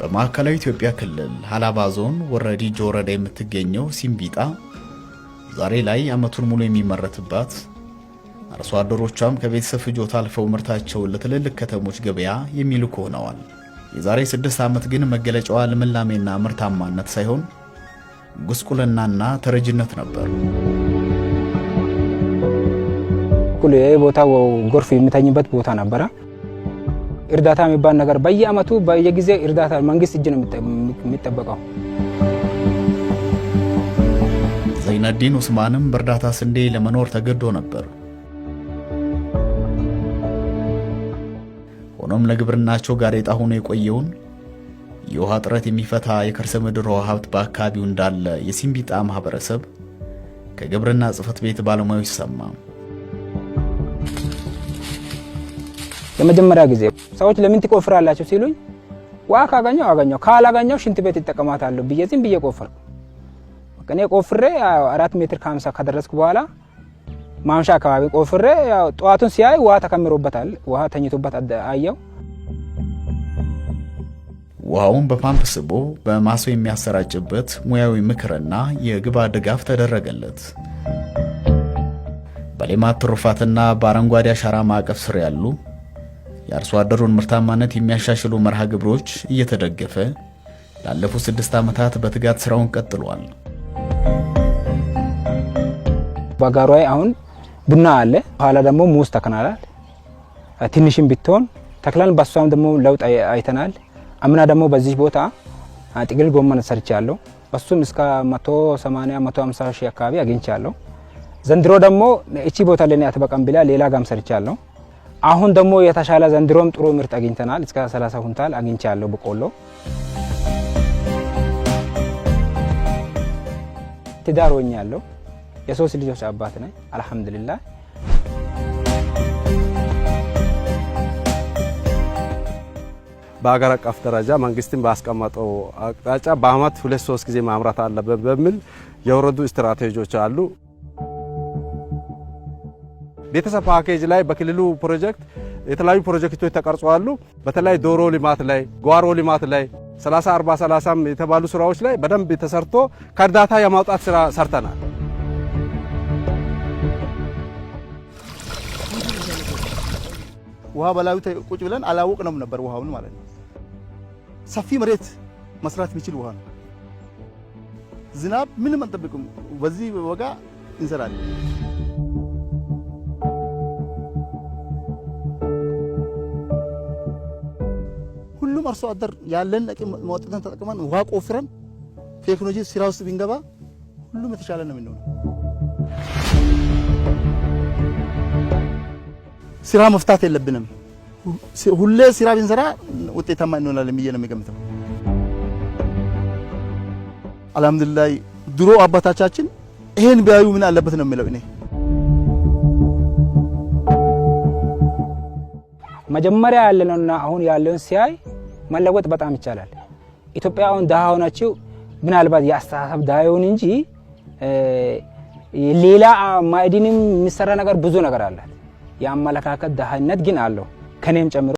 በማዕከላዊ ኢትዮጵያ ክልል ሀላባ ዞን ወረዲ ወረዳ የምትገኘው ሲምቢጣ ዛሬ ላይ ዓመቱን ሙሉ የሚመረትባት አርሶ አደሮቿም ከቤተሰብ ፍጆታ አልፈው ምርታቸውን ለትልልቅ ከተሞች ገበያ የሚልኩ ሆነዋል። የዛሬ ስድስት ዓመት ግን መገለጫዋ ልምላሜና ምርታማነት ሳይሆን ጉስቁልናና ተረጅነት ነበር። ይህ ቦታ ጎርፍ የሚተኝበት ቦታ ነበረ። እርዳታ የሚባል ነገር በየአመቱ በየጊዜ እርዳታ መንግስት እጅ ነው የሚጠበቀው። ዘይነዲን ኡስማንም በእርዳታ ስንዴ ለመኖር ተገዶ ነበር። ሆኖም ለግብርናቸው ጋሬጣ ሆኖ የቆየውን የውሃ እጥረት የሚፈታ የከርሰ ምድር ውሃ ሀብት በአካባቢው እንዳለ የሲምቢጣ ማህበረሰብ ከግብርና ጽህፈት ቤት ባለሙያዎች ሰማም። የመጀመሪያ ጊዜ ሰዎች ለምን ትቆፍራላችሁ ሲሉኝ ውሃ ካገኘው አገኘው ካላገኘው ሽንት ቤት ይጠቀማታለሁ ብዬ ዝም ብዬ ቆፈርኩ። እኔ ቆፍሬ አራት ሜትር ከሀምሳ ከደረስኩ በኋላ ማምሻ አካባቢ ቆፍሬ ጠዋቱን ሲያይ ውሃ ተከምሮበታል። ውሃ ተኝቶበት አየው። ውሃውን በፓምፕ ስቦ በማሶ የሚያሰራጭበት ሙያዊ ምክርና የግባ ድጋፍ ተደረገለት። በሌማት ትሩፋትና በአረንጓዴ አሻራ ማዕቀፍ ስር ያሉ የአርሶ አደሩን ምርታማነት የሚያሻሽሉ መርሃ ግብሮች እየተደገፈ ላለፉት ስድስት ዓመታት በትጋት ስራውን ቀጥሏል። በጋሯይ አሁን ቡና አለ፣ በኋላ ደግሞ ሙዝ ተክናላል። ትንሽም ብትሆን ተክላን፣ በሷም ደግሞ ለውጥ አይተናል። አምና ደግሞ በዚህ ቦታ ጥቅል ጎመን ሰርቻለሁ። በሱም እስከ 180 150 ሺህ አካባቢ አግኝቻለሁ። ዘንድሮ ደግሞ እቺ ቦታ ለኔ አትበቃም ብላ ሌላ ጋም ሰርቻለሁ። አሁን ደግሞ የተሻለ ዘንድሮም ጥሩ ምርት አግኝተናል። እስከ 30 ኩንታል አግኝቻለሁ በቆሎ። ትዳር ሆኛለሁ። የሶስት ልጆች አባት ነኝ። አልሐምዱሊላህ በሀገር አቀፍ ደረጃ መንግስትም ባስቀመጠው አቅጣጫ በአመት ሁለት ሶስት ጊዜ ማምራት አለበት በሚል የወረዱ ስትራቴጂዎች አሉ። ቤተሰብ ፓኬጅ ላይ በክልሉ ፕሮጀክት የተለያዩ ፕሮጀክቶች ተቀርጸዋሉ። በተለይ ዶሮ ልማት ላይ፣ ጓሮ ልማት ላይ 30 40 30 የተባሉ ስራዎች ላይ በደንብ ተሰርቶ ከእርዳታ የማውጣት ስራ ሰርተናል። ውሃ በላዩ ቁጭ ብለን አላወቅነውም ነበር ውሃውን ማለት ነው። ሰፊ መሬት መስራት የሚችል ውሃ ነው። ዝናብ ምንም አንጠብቅም። በዚህ ወጋ እንሰራለን። አርሶ አደር ያለን አቅም ማውጣትን ተጠቅመን ውሃ ቆፍረን ቴክኖሎጂ ስራ ውስጥ ቢንገባ ሁሉም የተሻለ ነው የሚሆነው። ስራ መፍታት የለብንም። ሁሌ ስራ ብንሰራ ውጤታማ እንሆናለን ብዬ ነው የሚገምተው። አልሐምዱሊላህ ድሮ አባታቻችን ይሄን ቢያዩ ምን አለበት ነው የሚለው። እኔ መጀመሪያ ያለነውና አሁን ያለውን ሲያይ መለወጥ በጣም ይቻላል። ኢትዮጵያ አሁን ድሃ ሆናችሁ ምናልባት የአስተሳሰብ ድሃ ይሁን እንጂ ሌላ ማዕድንም የሚሰራ ነገር ብዙ ነገር አላት። የአመለካከት ድህነት ግን አለው ከኔም ጨምሮ